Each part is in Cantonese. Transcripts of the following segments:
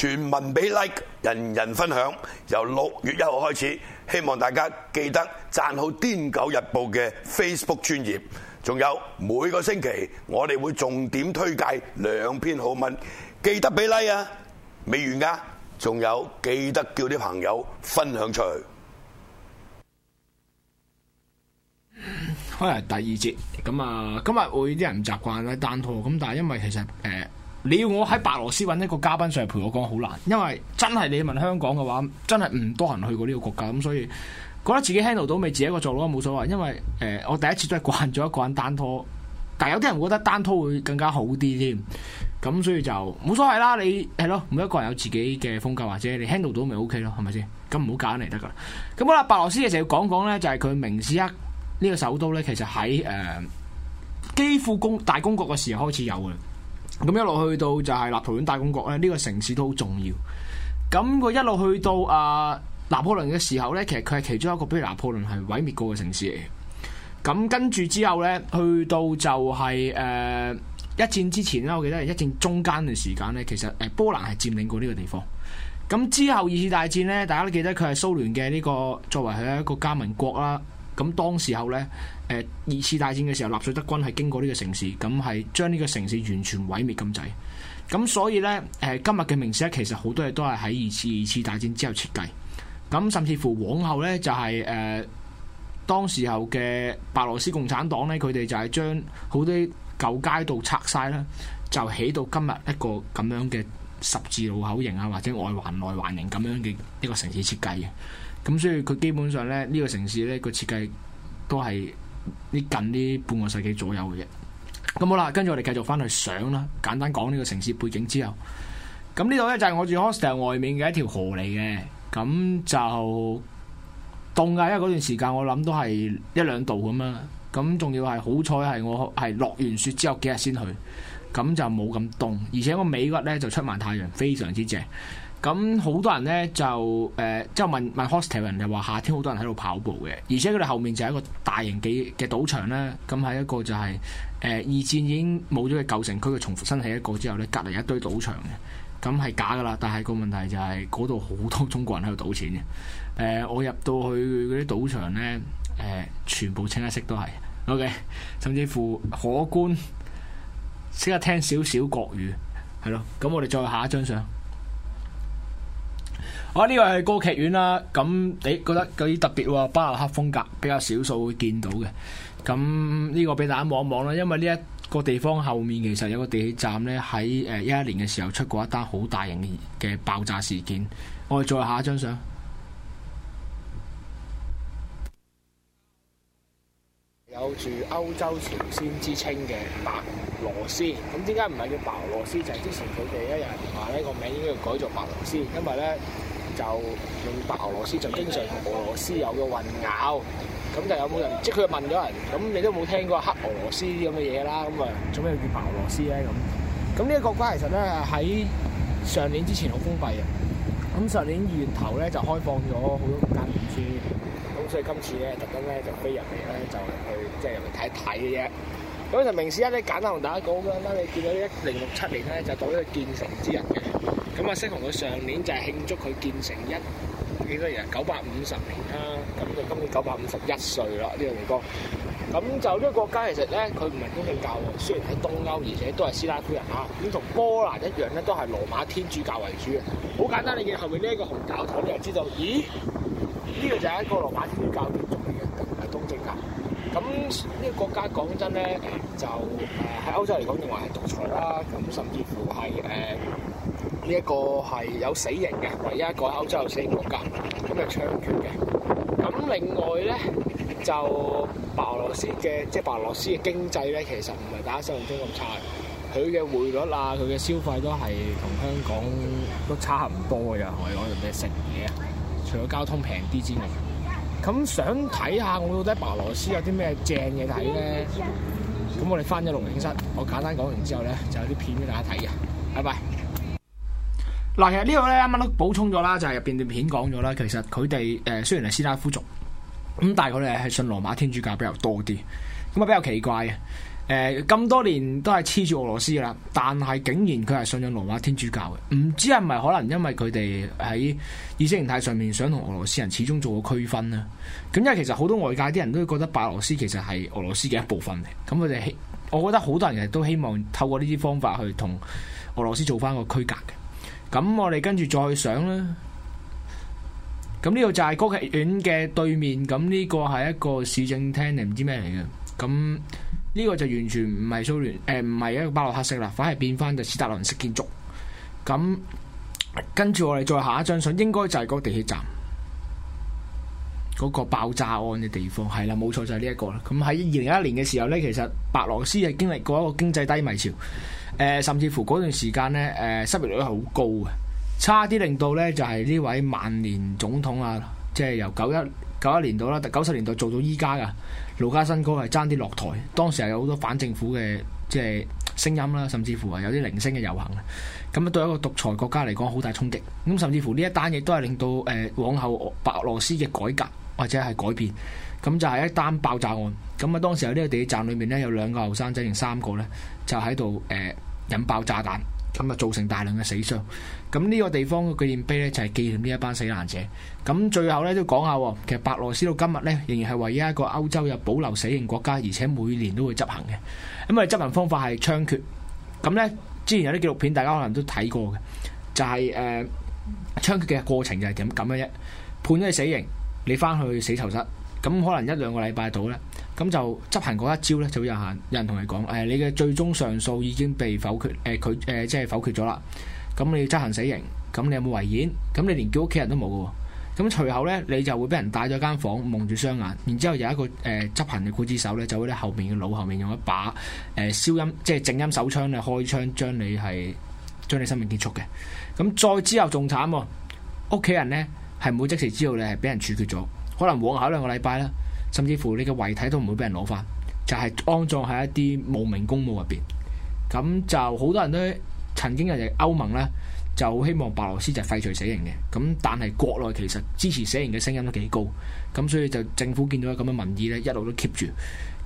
全民俾 like，人人分享。由六月一號開始，希望大家記得贊好《癲狗日報》嘅 Facebook 專頁。仲有每個星期，我哋會重點推介兩篇好文，記得俾 like 啊！未完噶，仲有記得叫啲朋友分享出去。可能第二節，咁啊，今日會啲人唔習慣啦單拖，咁但係因為其實誒。你要我喺白羅斯搵一個嘉賓上嚟陪我講，好難，因為真係你問香港嘅話，真係唔多人去過呢個國家，咁所以覺得自己 handle 到咪自己一個做咯，冇所謂。因為誒、呃，我第一次都係慣咗一個人單拖，但係有啲人覺得單拖會更加好啲添，咁所以就冇所謂啦。你係咯，每一個人有自己嘅風格，或者你 handle 到咪 OK 咯，係咪先？咁唔好揀嚟得噶。咁好啦，白羅斯嘅時候要講講咧，就係佢明斯克呢個首都咧，其實喺誒、呃、基輔公大公國嘅時候開始有嘅。咁一路去到就係立陶宛大公國咧，呢、這個城市都好重要。咁佢一路去到啊拿破崙嘅時候呢，其實佢係其中一個，比如拿破崙係毀滅過嘅城市。嚟。咁跟住之後呢，去到就係、是、誒、呃、一戰之前啦，我記得係一戰中間嘅時間呢，其實誒、呃、波蘭係佔領過呢個地方。咁之後二次大戰呢，大家都記得佢係蘇聯嘅呢個作為佢一個加盟國啦。咁當時候呢，誒、二次大戰嘅時候，納粹德軍係經過呢個城市，咁係將呢個城市完全毀滅咁滯。咁所以呢，誒、呃、今日嘅名城呢，其實好多嘢都係喺二次二次大戰之後設計。咁甚至乎往後呢，就係、是、誒、呃、當時候嘅白羅斯共產黨呢，佢哋就係將好多舊街道拆晒啦，就起到今日一個咁樣嘅十字路口型啊，或者外環內環型咁樣嘅一個城市設計。咁所以佢基本上咧呢，呢個城市咧個設計都係啲近呢半個世紀左右嘅啫。咁好啦，跟住我哋繼續翻去想啦，簡單講呢個城市背景之後。咁呢度咧就係、是、我住 hostel 外面嘅一條河嚟嘅。咁就凍啊，因為嗰段時間我諗都係一兩度咁樣。咁仲要係好彩係我係落完雪之後幾日先去，咁就冇咁凍。而且我美國咧就出埋太陽非常之正。咁好多人呢，就誒，即係、呃、問問 hostel 人，就話夏天好多人喺度跑步嘅，而且佢哋後面就係一個大型嘅嘅賭場啦。咁係一個就係、是、誒、呃、二戰已經冇咗嘅舊城區嘅重複新起一個之後呢，隔離一堆賭場嘅。咁係假噶啦，但係個問題就係嗰度好多中國人喺度賭錢嘅。誒、呃，我入到去嗰啲賭場呢，誒、呃，全部清一色都係 OK，甚至乎可觀，識得聽少少國語，係咯。咁我哋再下一張相。我呢、啊，這個係歌劇院啦，咁、嗯、你、哎、覺得嗰啲特別喎，巴洛克風格比較少數會見到嘅。咁、嗯、呢、這個俾大家望一望啦，因為呢一個地方後面其實有個地鐵站咧，喺誒一一年嘅時候出過一單好大型嘅爆炸事件。我哋再下一張相，有住歐洲朝鮮之稱嘅白俄羅斯。咁點解唔係叫白俄羅斯？就係、是、之前佢哋一人話呢個名應該要改做白羅斯，因為咧。就用白俄羅斯就經常同俄羅斯有個混淆，咁就有冇人即係佢問咗人，咁你都冇聽過黑俄羅斯啲咁嘅嘢啦，咁啊做咩叫白俄羅斯咧咁？咁呢個國家其實咧喺上年之前好封閉嘅，咁上年二月頭咧就開放咗好多間旅店，咁所以今次咧特登咧就飛入嚟咧就去即係入嚟睇一睇嘅啫。咁就明斯克咧簡單同大家講咁啦，你見到一零六七年咧就做咗個建城之人嘅。咁啊，聖紅佢上年就係慶祝佢建成一幾多人，九百五十年啦，咁就今年九百五十一歲啦，呢、這個紅歌。咁就呢個國家其實咧，佢唔係東正教喎，雖然喺東歐，而且都係斯拉夫人嚇。咁、啊、同波蘭一樣咧，都係羅馬天主教為主嘅。好簡單，你見後面呢一個紅教堂，你就知道，咦？呢、這個就係一個羅馬天主教建築嚟嘅，唔係東正教。咁呢個國家講真咧，就喺歐洲嚟講，認為係獨裁啦，咁甚至乎係誒。呢一個係有死刑嘅，唯一一個喺歐洲有死刑國家，咁就槍決嘅。咁另外咧，就白羅斯嘅即係白羅斯嘅經濟咧，其實唔係大家想象中咁差嘅。佢嘅匯率啊，佢嘅消費都係同香港都差唔多嘅。就可以講做咩食嘢啊？除咗交通平啲之外，咁想睇下我到底白羅斯有啲咩正嘢睇咧？咁我哋翻咗錄影室，我簡單講完之後咧，就有啲片俾大家睇嘅。拜拜。嗱、就是，其實呢個咧啱啱都補充咗啦，就係入邊段片講咗啦。其實佢哋誒，雖然係斯拉夫族咁，但係佢哋係信羅馬天主教比較多啲，咁啊比較奇怪嘅。誒、呃，咁多年都係黐住俄羅斯噶啦，但係竟然佢係信咗羅馬天主教嘅，唔知係咪可能因為佢哋喺意識形態上面想同俄羅斯人始終做個區分咧？咁因為其實好多外界啲人都覺得白俄羅斯其實係俄羅斯嘅一部分嘅，咁佢哋希，我覺得好多人其實都希望透過呢啲方法去同俄羅斯做翻個區隔嘅。咁我哋跟住再想啦。咁呢度就係歌劇院嘅對面，咁呢個係一個市政廳定唔知咩嚟嘅。咁呢個就完全唔係蘇聯，誒唔係一個巴洛克式啦，反而變翻就史大林式建築。咁跟住我哋再下一張相，應該就係個地鐵站，嗰、嗰個爆炸案嘅地方係啦，冇錯就係呢一個啦。咁喺二零一一年嘅時候呢，其實白羅斯係經歷過一個經濟低迷潮。誒、呃、甚至乎嗰段時間呢，誒、呃、失業率係好高嘅，差啲令到呢就係、是、呢位萬年總統啊，即係由九一九一年度啦，九十年代做到依家噶盧卡申科係爭啲落台，當時係有好多反政府嘅即係聲音啦，甚至乎係有啲零星嘅遊行，咁啊對一個獨裁國家嚟講，好大衝擊。咁甚至乎呢一單嘢都係令到誒、呃、往後白羅斯嘅改革或者係改變。咁就係一單爆炸案。咁啊，當時喺呢個地鐵站裏面呢，有兩個後生仔，定三個呢，就喺度誒引爆炸彈，咁啊造成大量嘅死傷。咁呢個地方嘅紀念碑呢，就係紀念呢一班死難者。咁最後呢，都講下喎，其實白羅斯到今日呢，仍然係唯一一個歐洲有保留死刑國家，而且每年都會執行嘅。咁啊，執行方法係槍決。咁呢，之前有啲紀錄片，大家可能都睇過嘅，就係誒槍決嘅過程就係點咁樣啫。判咗係死刑，你翻去死囚室。咁可能一兩個禮拜到呢，咁就執行嗰一招呢，就好有限。有人同、呃、你講，誒你嘅最終上訴已經被否決，誒、呃、佢、呃、即係否決咗啦。咁你要執行死刑，咁你有冇遺言？咁你連叫屋企人都冇嘅喎。咁隨後呢，你就會俾人帶咗間房，蒙住雙眼，然之後有一個誒、呃、執行嘅劊子手呢，就會喺後面嘅腦後面用一把誒消、呃、音，即係靜音手槍咧開槍將，將你係將你生命結束嘅。咁再之後仲慘喎，屋企人咧係冇即時知道咧係俾人處決咗。可能往後兩個禮拜啦，甚至乎你嘅遺體都唔會俾人攞返，就係、是、安葬喺一啲無名公墓入邊。咁就好多人都曾經，人哋歐盟呢，就希望白羅斯就廢除死刑嘅。咁但係國內其實支持死刑嘅聲音都幾高，咁所以就政府見到咁嘅民意呢，一路都 keep 住。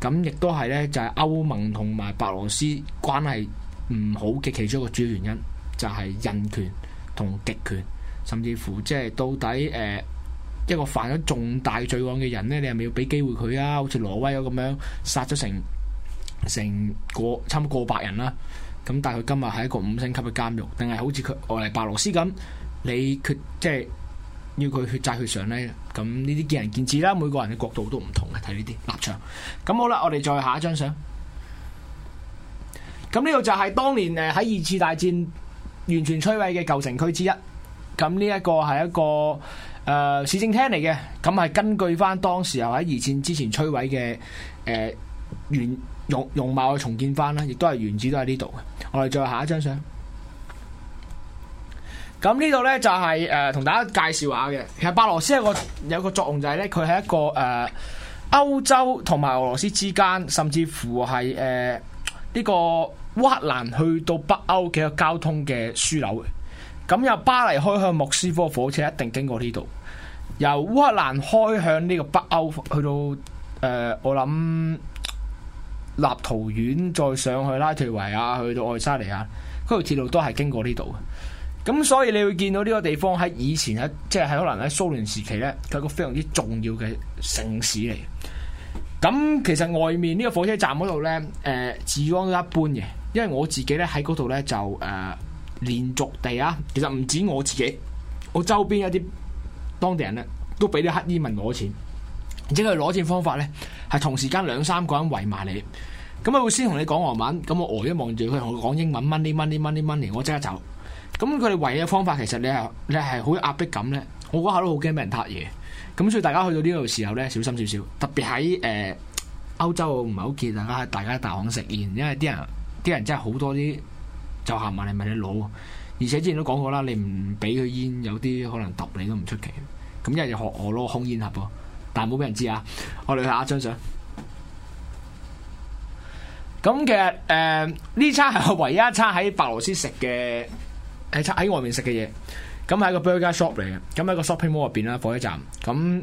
咁亦都係呢，就係歐盟同埋白羅斯關係唔好嘅其中一個主要原因，就係、是、人權同極權，甚至乎即係到底誒。呃一個犯咗重大罪案嘅人呢，你係咪要俾機會佢啊？好似挪威咁樣殺咗成成，成過差個差唔多過百人啦。咁但係佢今日係一個五星級嘅監獄，定係好似佢外嚟白羅斯咁，你佢即係要佢血債血償呢？咁呢啲見仁見智啦，每個人嘅角度都唔同嘅，睇呢啲立場。咁好啦，我哋再下一張相。咁呢度就係當年誒喺二次大戰完全摧毀嘅舊城區之一。咁呢一個係一個。誒、呃，市政廳嚟嘅，咁係根據翻當時候喺二戰之前摧毀嘅誒原容容貌去重建翻啦，亦都係原址都喺呢度嘅。我哋再下一張相，咁呢度呢，就係誒同大家介紹下嘅。其實白羅斯有一個有一個作用就係、是、呢，佢係一個誒歐、呃、洲同埋俄羅斯之間，甚至乎係誒呢個烏克蘭去到北歐嘅交通嘅樞紐。咁由巴黎開向莫斯科火車一定經過呢度，由烏克蘭開向呢個北歐去到誒、呃，我諗立陶宛再上去拉脱維亞去到愛沙尼亞，嗰條鐵路都係經過呢度嘅。咁所以你會見到呢個地方喺以前喺即係可能喺蘇聯時期咧，佢係個非常之重要嘅城市嚟。咁其實外面呢個火車站嗰度呢，誒、呃，治安都一般嘅，因為我自己呢喺嗰度呢，就、呃、誒。連續地啊，其實唔止我自己，我周邊一啲當地人咧，都俾啲黑衣人攞錢。而且佢攞錢方法咧，係同時間兩三個人圍埋你，咁佢會先同你講俄文，咁我呆咗望住佢同我講英文 Money, money, money, money，我即刻走。咁佢哋圍嘅方法其實你係你係好壓迫感咧，我嗰下都好驚俾人㗋嘢。咁所以大家去到呢度時候咧，小心少少，特別喺誒、呃、歐洲唔係好見大家大家大行食煙，因為啲人啲人真係好多啲。就行埋嚟，問你攞喎！而且之前都講過啦，你唔俾佢煙，有啲可能揼你都唔出奇。咁一日學我攞空煙盒喎，但係冇俾人知啊！我哋睇下張相。咁其實誒呢、呃、餐係我唯一一餐喺白羅斯食嘅誒喺外面食嘅嘢。咁喺個 burger shop 嚟嘅，咁喺個 shopping mall 入邊啦，火車站。咁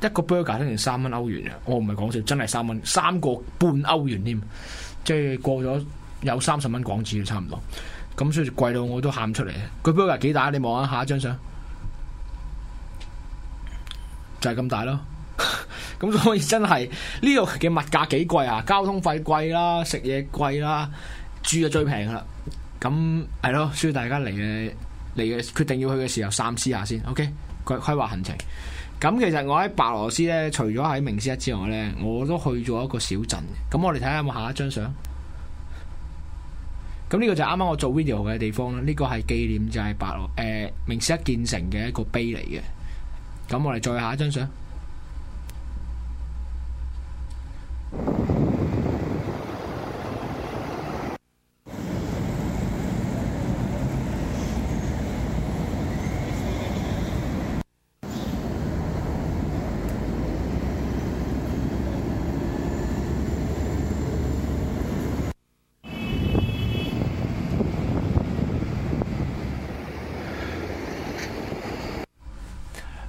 一個 burger 竟然三蚊歐元，啊，我唔係講笑，真係三蚊三個半歐元添，即係過咗。有三十蚊港紙差唔多，咁所以貴到我都喊出嚟。佢標價幾大？你望下下一張相，就係、是、咁大咯。咁 所以真係呢度嘅物價幾貴啊！交通費貴啦、啊，食嘢貴啦、啊，住就最平啦。咁係咯，需要大家嚟嘅嚟嘅決定要去嘅時候，三思下先。OK，規劃行程。咁其實我喺白羅斯咧，除咗喺明斯克之外咧，我都去咗一個小鎮。咁我哋睇下有冇下一張相。咁呢個就係啱啱我做 video 嘅地方啦。呢、這個係紀念就係白羅誒、呃、明斯克建成嘅一個碑嚟嘅。咁我哋再下一張相。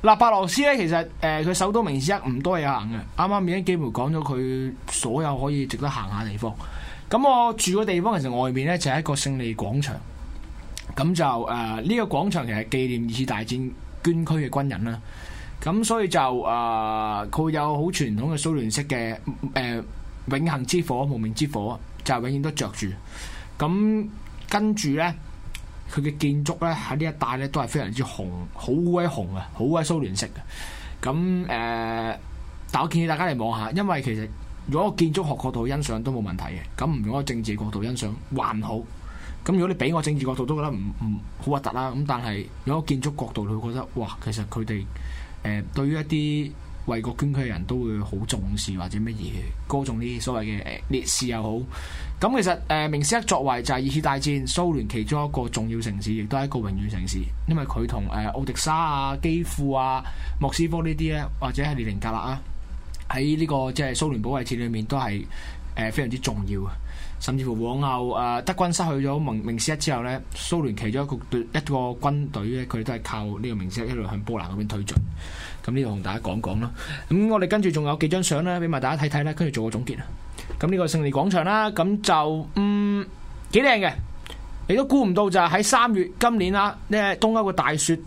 嗱，白羅斯咧，其實誒，佢、呃、首都明斯克唔多嘢行嘅，啱啱已經幾乎講咗佢所有可以值得行下地方。咁、嗯、我住嘅地方其實外面呢就係、是、一個勝利廣場，咁、嗯、就誒呢、呃，這個廣場其實紀念二次大戰捐軀嘅軍人啦。咁、嗯、所以就誒佢、呃、有好傳統嘅蘇聯式嘅誒、呃、永恒之火、無名之火，就永遠都着住。咁、嗯、跟住呢。佢嘅建築呢，喺呢一帶呢，都係非常之紅，好威紅啊，好威蘇聯式嘅。咁誒、呃，但我建議大家嚟望下，因為其實如果建築學角度欣賞都冇問題嘅。咁唔用政治角度欣賞還好。咁如果你俾我政治角度都覺得唔唔好核突啦。咁但係如果建築角度佢會覺得，哇，其實佢哋誒對於一啲。為國捐軀嘅人都會好重視或者乜嘢歌頌啲所謂嘅烈士又好，咁其實誒明斯克作為就係二次大戰蘇聯其中一個重要城市，亦都係一個榮譽城市，因為佢同誒奧迪沙啊、基庫啊、莫斯科呢啲咧，或者係列寧格勒啊，喺呢個即係蘇聯保衛戰裏面都係誒非常之重要嘅。甚至乎往後，誒德軍失去咗明明斯克之後咧，蘇聯其中一個隊一個軍隊咧，佢都係靠呢個明斯克一路向波蘭嗰邊推進。咁呢度同大家講講啦。咁我哋跟住仲有幾張相咧，俾埋大家睇睇啦。跟住做個總結啦。咁呢個勝利廣場啦，咁就嗯幾靚嘅。你都估唔到就係喺三月今年啊，呢東歐嘅大雪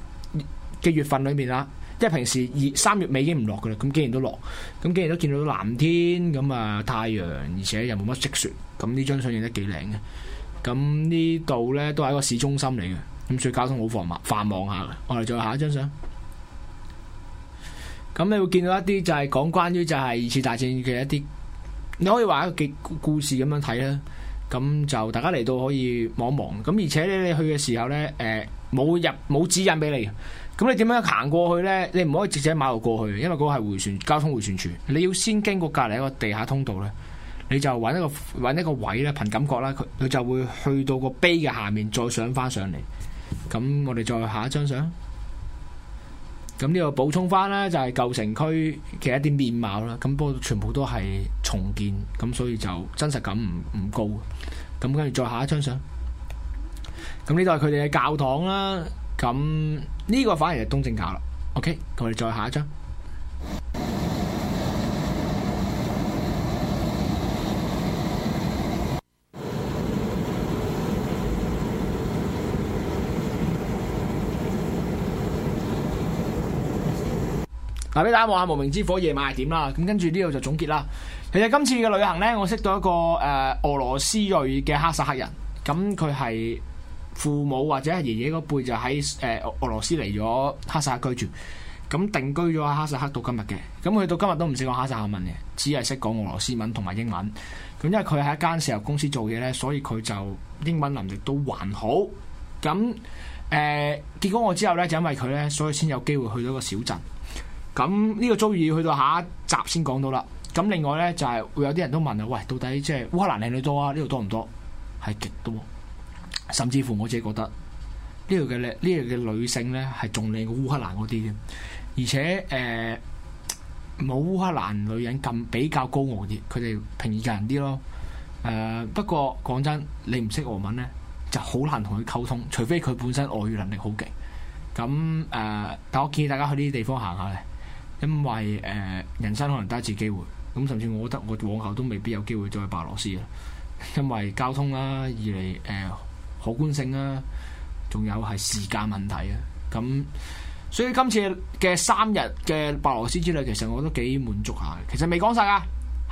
嘅月份裏面啊。即係平時二三月尾已經唔落㗎喇，咁竟然都落，咁竟然都見到藍天，咁啊太陽，而且又冇乜積雪，咁呢張相影得幾靚嘅。咁呢度呢，都係一個市中心嚟嘅，咁所以交通好繁忙繁忙下嘅。我哋再下一張相。咁你會見到一啲就係講關於就係二次大戰嘅一啲，你可以話一個故事咁樣睇啦。咁就大家嚟到可以望一望，咁而且咧你去嘅時候呢，誒、呃、冇入冇指引俾你，咁你點樣行過去呢？你唔可以直接喺馬路過去，因為嗰個係迴旋交通迴旋處，你要先經過隔離一個地下通道呢，你就揾一個揾一個位咧，憑感覺啦，佢佢就會去到個碑嘅下面，再上翻上嚟。咁我哋再下一張相。咁呢個補充翻咧，就係舊城區嘅一啲面貌啦。咁不過全部都係重建，咁所以就真實感唔唔高。咁跟住再下一張相，咁呢度係佢哋嘅教堂啦。咁呢個反而係東正教啦。OK，我哋再下一張。俾大家望下《無名之火》夜晚係點啦。咁跟住呢度就總結啦。其實今次嘅旅行呢，我識到一個誒、呃、俄羅斯裔嘅哈薩克人。咁佢係父母或者係爺爺嗰輩就喺誒、呃、俄羅斯嚟咗哈薩克居住，咁定居咗喺哈薩克到今日嘅。咁佢到今日都唔識講哈薩克文嘅，只係識講俄羅斯文同埋英文。咁因為佢喺一間石油公司做嘢呢，所以佢就英文能力都還好。咁誒、呃，結果我之後呢，就因為佢呢，所以先有機會去到個小鎮。咁呢個遭遇要去到下一集先講到啦。咁另外呢，就係會有啲人都問啊，喂，到底即係烏克蘭靚女多啊？呢度多唔多？係極多，甚至乎我自己覺得呢度嘅呢度嘅女性呢，係仲靚過烏克蘭嗰啲嘅。而且誒冇烏克蘭女人咁比較高傲啲，佢哋平易近人啲咯。誒、呃，不過講真，你唔識俄文呢，就好難同佢溝通，除非佢本身外語能力好勁。咁誒、呃，但我建議大家去呢啲地方行下。因為誒、呃、人生可能得一次機會，咁甚至我覺得我往後都未必有機會再去白羅斯啊！因為交通啦、啊，二嚟誒、呃、可觀性啦、啊，仲有係時間問題啊，咁所以今次嘅三日嘅白羅斯之旅，其實我都幾滿足下。其實未講晒啊，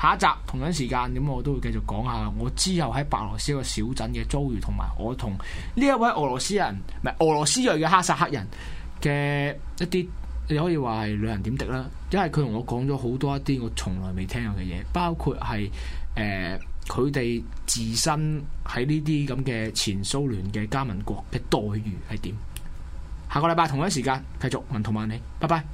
下一集同樣時間，咁我都會繼續講下我之後喺白羅斯一個小鎮嘅遭遇，同埋我同呢一位俄羅斯人，唔係俄羅斯裔嘅哈薩克人嘅一啲。你可以話係兩人點滴啦，因為佢同我講咗好多一啲我從來未聽過嘅嘢，包括係誒佢哋自身喺呢啲咁嘅前蘇聯嘅加盟國嘅待遇係點。下個禮拜同一時間繼續文圖萬里，拜拜。